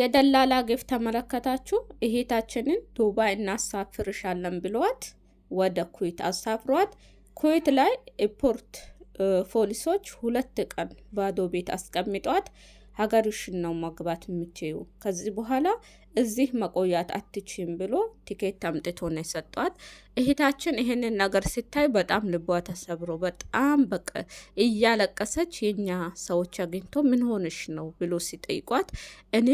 የደላላ ግፍ ተመለከታችሁ። እህታችንን ዱባይ እናሳፍርሻለን ብለዋት ወደ ኩዌት አሳፍሯት። ኩዌት ላይ ኤፖርት ፖሊሶች ሁለት ቀን ባዶ ቤት አስቀምጧት። ሀገርሽን ነው መግባት የምችዩ ከዚህ በኋላ እዚህ መቆያት አትችም ብሎ ቲኬት አምጥቶ ነው የሰጧት። እህታችን ይህንን ነገር ስታይ በጣም ልቧ ተሰብሮ በጣም በቃ እያለቀሰች የኛ ሰዎች አግኝቶ ምን ሆንሽ ነው ብሎ ሲጠይቋት እኔ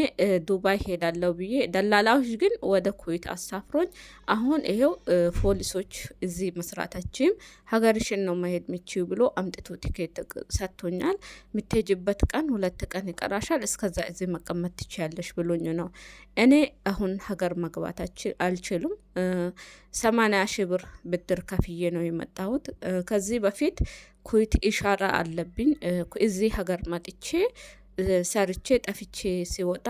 ዱባይ ሄዳለሁ ብዬ ደላላዎች ግን ወደ ኩዌት አሳፍሮኝ አሁን ይሄው ፖሊሶች እዚህ መስራታችም ሀገርሽን ነው መሄድ ምችው ብሎ አምጥቶ ቲኬት ሰጥቶኛል። የምትሄጅበት ቀን ሁለት ቀን ይቀራሻል፣ እስከዛ እዚህ መቀመጥ ትችያለሽ ብሎኝ ነው። እኔ አሁን ሀገር መግባታችን አልችልም ሰማንያ ሺህ ብር ብድር ከፍዬ ነው የመጣሁት። ከዚህ በፊት ኩዊት ኢሻራ አለብኝ። እዚህ ሀገር መጥቼ ሰርቼ ጠፍቼ ሲወጣ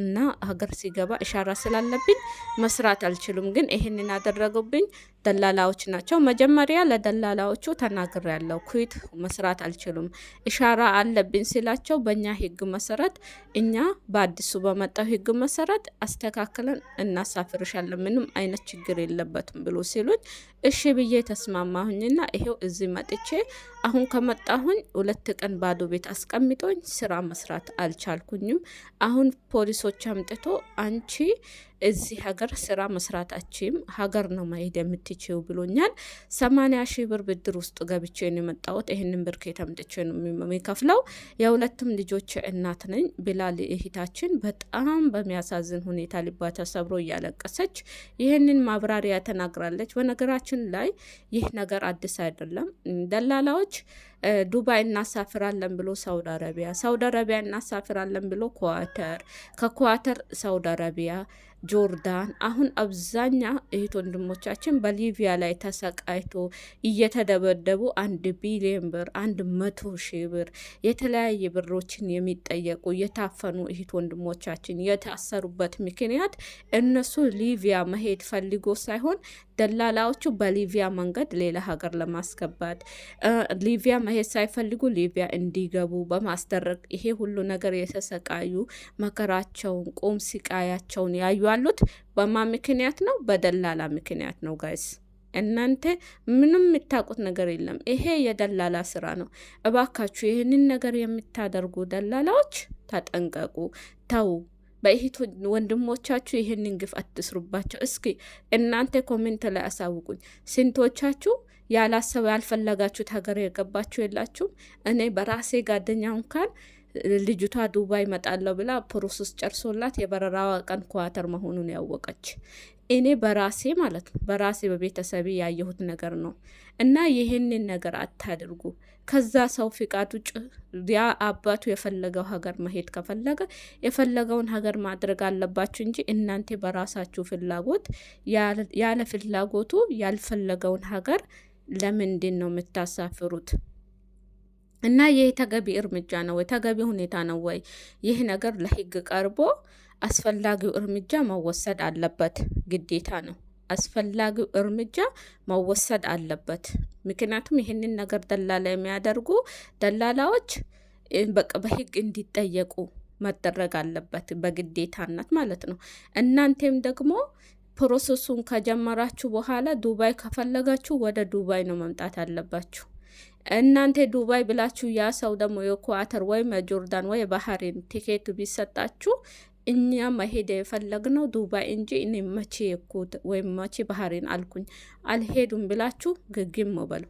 እና ሀገር ሲገባ እሻራ ስላለብኝ መስራት አልችሉም። ግን ይሄንን ያደረጉብኝ ደላላዎች ናቸው። መጀመሪያ ለደላላዎቹ ተናግሬ ያለው ኩዊት መስራት አልችሉም እሻራ አለብኝ ሲላቸው በእኛ ህግ መሰረት እኛ በአዲሱ በመጣው ህግ መሰረት አስተካክለን እናሳፍርሻለን ምንም አይነት ችግር የለበትም ብሎ ሲሉኝ እሺ ብዬ ተስማማሁኝና ይሄው እዚህ መጥቼ አሁን ከመጣሁኝ ሁለት ቀን ባዶ ቤት አስቀምጦኝ ስራ መስራት አልቻልኩኝም። አሁን ፖሊሶች አምጥቶ አንቺ እዚህ ሀገር ስራ አችም ሀገር ነው ማሄድ የምትችው ብሎኛል። ሰማንያ ሺህ ብር ብድር ውስጥ ገብቼ ነው የመጣሁት። ይህንን ብር ከየተምጥቼ ነው የሚከፍለው። የሁለትም ልጆች እናት ነኝ ብላ እህታችን በጣም በሚያሳዝን ሁኔታ ልባ ተሰብሮ እያለቀሰች ይህንን ማብራሪያ ተናግራለች። በነገራችን ላይ ይህ ነገር አዲስ አይደለም። ደላላዎች ዱባይ እናሳፍራለን ብሎ ሳውዲ አረቢያ፣ ሳውዲ አረቢያ እናሳፍራለን ብሎ ኳተር፣ ከኳተር ሳውዲ አረቢያ ጆርዳን አሁን አብዛኛ እህት ወንድሞቻችን በሊቪያ ላይ ተሰቃይቶ እየተደበደቡ አንድ ቢሊዮን ብር አንድ መቶ ሺህ ብር የተለያየ ብሮችን የሚጠየቁ የታፈኑ እህት ወንድሞቻችን የታሰሩበት ምክንያት እነሱ ሊቪያ መሄድ ፈልጎ ሳይሆን ደላላዎቹ በሊቪያ መንገድ ሌላ ሀገር ለማስገባት ሊቪያ መሄድ ሳይፈልጉ ሊቪያ እንዲገቡ በማስደረግ ይሄ ሁሉ ነገር የተሰቃዩ መከራቸውን ቁም ስቃያቸውን ያዩ ያሉት በማ ምክንያት ነው? በደላላ ምክንያት ነው ጋይስ። እናንተ ምንም የምታውቁት ነገር የለም። ይሄ የደላላ ስራ ነው። እባካችሁ ይህንን ነገር የምታደርጉ ደላላዎች ተጠንቀቁ፣ ተዉ። በእህት ወንድሞቻችሁ ይህንን ግፍ አትስሩባቸው። እስኪ እናንተ ኮሜንት ላይ አሳውቁኝ። ስንቶቻችሁ ያላሰብ ያልፈለጋችሁት ሀገር የገባችሁ የላችሁም? እኔ በራሴ ጓደኛ እንኳን ልጅቷ ዱባይ መጣለው ብላ ፕሮሰስ ጨርሶላት የበረራዋ ቀን ኳተር መሆኑን ያወቀች እኔ በራሴ ማለት ነው በራሴ በቤተሰቤ ያየሁት ነገር ነው። እና ይህንን ነገር አታድርጉ። ከዛ ሰው ፍቃድ ውጭ ያ አባቱ የፈለገው ሀገር መሄድ ከፈለገ የፈለገውን ሀገር ማድረግ አለባችሁ እንጂ እናንተ በራሳችሁ ፍላጎት ያለ ፍላጎቱ ያልፈለገውን ሀገር ለምንድን ነው የምታሳፍሩት? እና ይህ ተገቢ እርምጃ ነው ወይ? ተገቢ ሁኔታ ነው ወይ? ይህ ነገር ለህግ ቀርቦ አስፈላጊው እርምጃ መወሰድ አለበት። ግዴታ ነው። አስፈላጊው እርምጃ መወሰድ አለበት። ምክንያቱም ይህንን ነገር ደላላ የሚያደርጉ ደላላዎች በቃ በህግ እንዲጠየቁ መደረግ አለበት፣ በግዴታነት ማለት ነው። እናንተም ደግሞ ፕሮሰሱን ከጀመራችሁ በኋላ ዱባይ ከፈለጋችሁ ወደ ዱባይ ነው መምጣት አለባችሁ። እናንተ ዱባይ ብላችሁ ያ ሰው ደግሞ የኳተር ወይም የጆርዳን ወይ የባህሬን ቲኬቱ ቢሰጣችሁ እኛ መሄድ የፈለግነው ዱባይ እንጂ እኔ መቼ የኩት ወይም መቼ ባህሬን አልኩኝ አልሄዱም ብላችሁ ግግም በሉ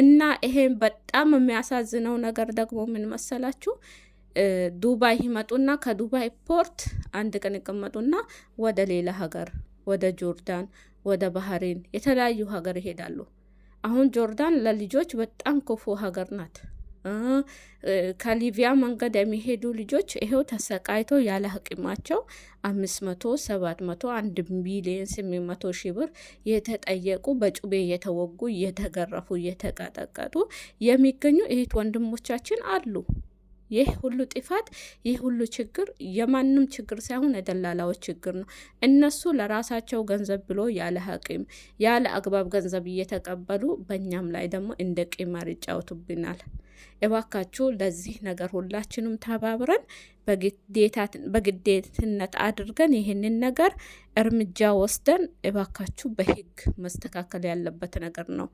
እና ይሄን በጣም የሚያሳዝነው ነገር ደግሞ ምን መሰላችሁ? ዱባይ ይመጡና ከዱባይ ፖርት አንድ ቀን ይቀመጡና ወደ ሌላ ሀገር ወደ ጆርዳን፣ ወደ ባህሬን የተለያዩ ሀገር ይሄዳሉ። አሁን ጆርዳን ለልጆች በጣም ክፉ ሀገር ናት። ከሊቢያ መንገድ የሚሄዱ ልጆች ይሄው ተሰቃይቶ ያለ ሐኪማቸው አምስት መቶ ሰባት መቶ አንድ ሚሊዮን ስምንት መቶ ሺህ ብር የተጠየቁ በጩቤ እየተወጉ እየተገረፉ እየተቀጠቀጡ የሚገኙ እህት ወንድሞቻችን አሉ። ይህ ሁሉ ጥፋት ይህ ሁሉ ችግር የማንም ችግር ሳይሆን የደላላዎች ችግር ነው። እነሱ ለራሳቸው ገንዘብ ብሎ ያለ ሐቂም ያለ አግባብ ገንዘብ እየተቀበሉ በእኛም ላይ ደግሞ እንደ ቂማር ይጫወቱብናል። እባካችሁ ለዚህ ነገር ሁላችንም ተባብረን በግዴትነት አድርገን ይህንን ነገር እርምጃ ወስደን እባካችሁ በህግ መስተካከል ያለበት ነገር ነው።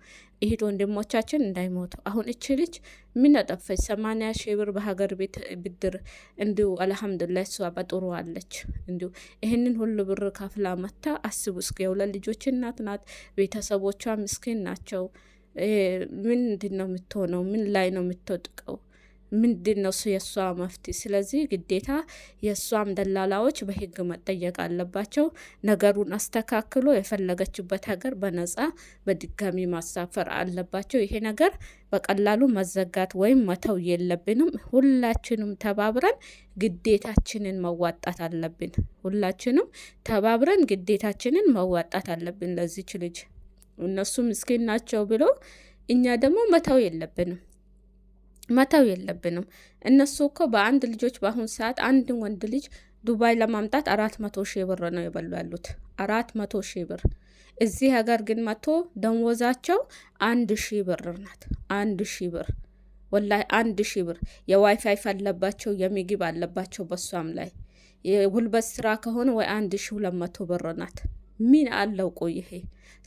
ይሄድ ወንድሞቻችን እንዳይሞቱ። አሁን እች ልጅ ምን አጠፈች? ሰማንያ ሺህ ብር በሀገር ቤት ብድር እንዲሁ አልሐምዱላ እሷ በጥሩ አለች። እንዲሁ ይህንን ሁሉ ብር ከፍላ መታ። አስቡ እስኪ የሁለት ልጆች እናት ናት። ቤተሰቦቿ ምስኪን ናቸው። ምንድን ነው የምትሆነው? ምን ላይ ነው የምትወጥቀው? ምንድን ነው የእሷ መፍትሄ? ስለዚህ ግዴታ የእሷም ደላላዎች በህግ መጠየቅ አለባቸው። ነገሩን አስተካክሎ የፈለገችበት ሀገር በነፃ በድጋሚ ማሳፈር አለባቸው። ይሄ ነገር በቀላሉ መዘጋት ወይም መተው የለብንም። ሁላችንም ተባብረን ግዴታችንን መዋጣት አለብን። ሁላችንም ተባብረን ግዴታችንን መዋጣት አለብን ለዚች ልጅ እነሱ ምስኪን ናቸው ብሎ እኛ ደግሞ መተው የለብንም መተው የለብንም። እነሱ እኮ በአንድ ልጆች በአሁኑ ሰዓት አንድ ወንድ ልጅ ዱባይ ለማምጣት አራት መቶ ሺህ ብር ነው የበሉ ያሉት አራት መቶ ሺህ ብር። እዚህ ሀገር ግን መቶ ደንወዛቸው አንድ ሺህ ብር ናት። አንድ ሺህ ብር ወላሂ አንድ ሺህ ብር። የዋይፋይ አለባቸው፣ የምግብ አለባቸው። በሷም ላይ የጉልበት ስራ ከሆነ ወይ አንድ ሺህ ሁለት መቶ ብር ናት። ምን አለው? ቆይ ይሄ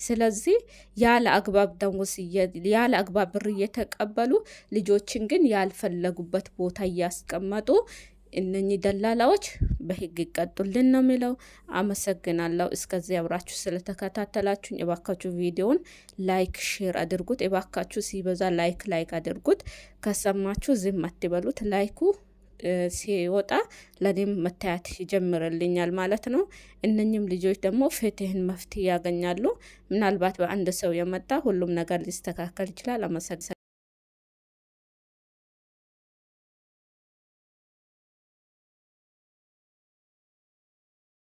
ስለዚህ ያለ አግባብ ደሞዝ ያለ አግባብ ብር እየተቀበሉ ልጆችን ግን ያልፈለጉበት ቦታ እያስቀመጡ እነኚህ ደላላዎች በህግ ይቀጡልን ነው የሚለው። አመሰግናለሁ። እስከዚህ አብራችሁ ስለተከታተላችሁኝ እባካችሁ ቪዲዮውን ላይክ፣ ሼር አድርጉት። እባካችሁ ሲበዛ ላይክ ላይክ አድርጉት። ከሰማችሁ ዝም አትበሉት። ላይኩ ሲወጣ ለእኔም መታየት ይጀምርልኛል ማለት ነው። እነኝም ልጆች ደግሞ ፍትህን መፍትሄ ያገኛሉ። ምናልባት በአንድ ሰው የመጣ ሁሉም ነገር ሊስተካከል ይችላል። አመሰግሰ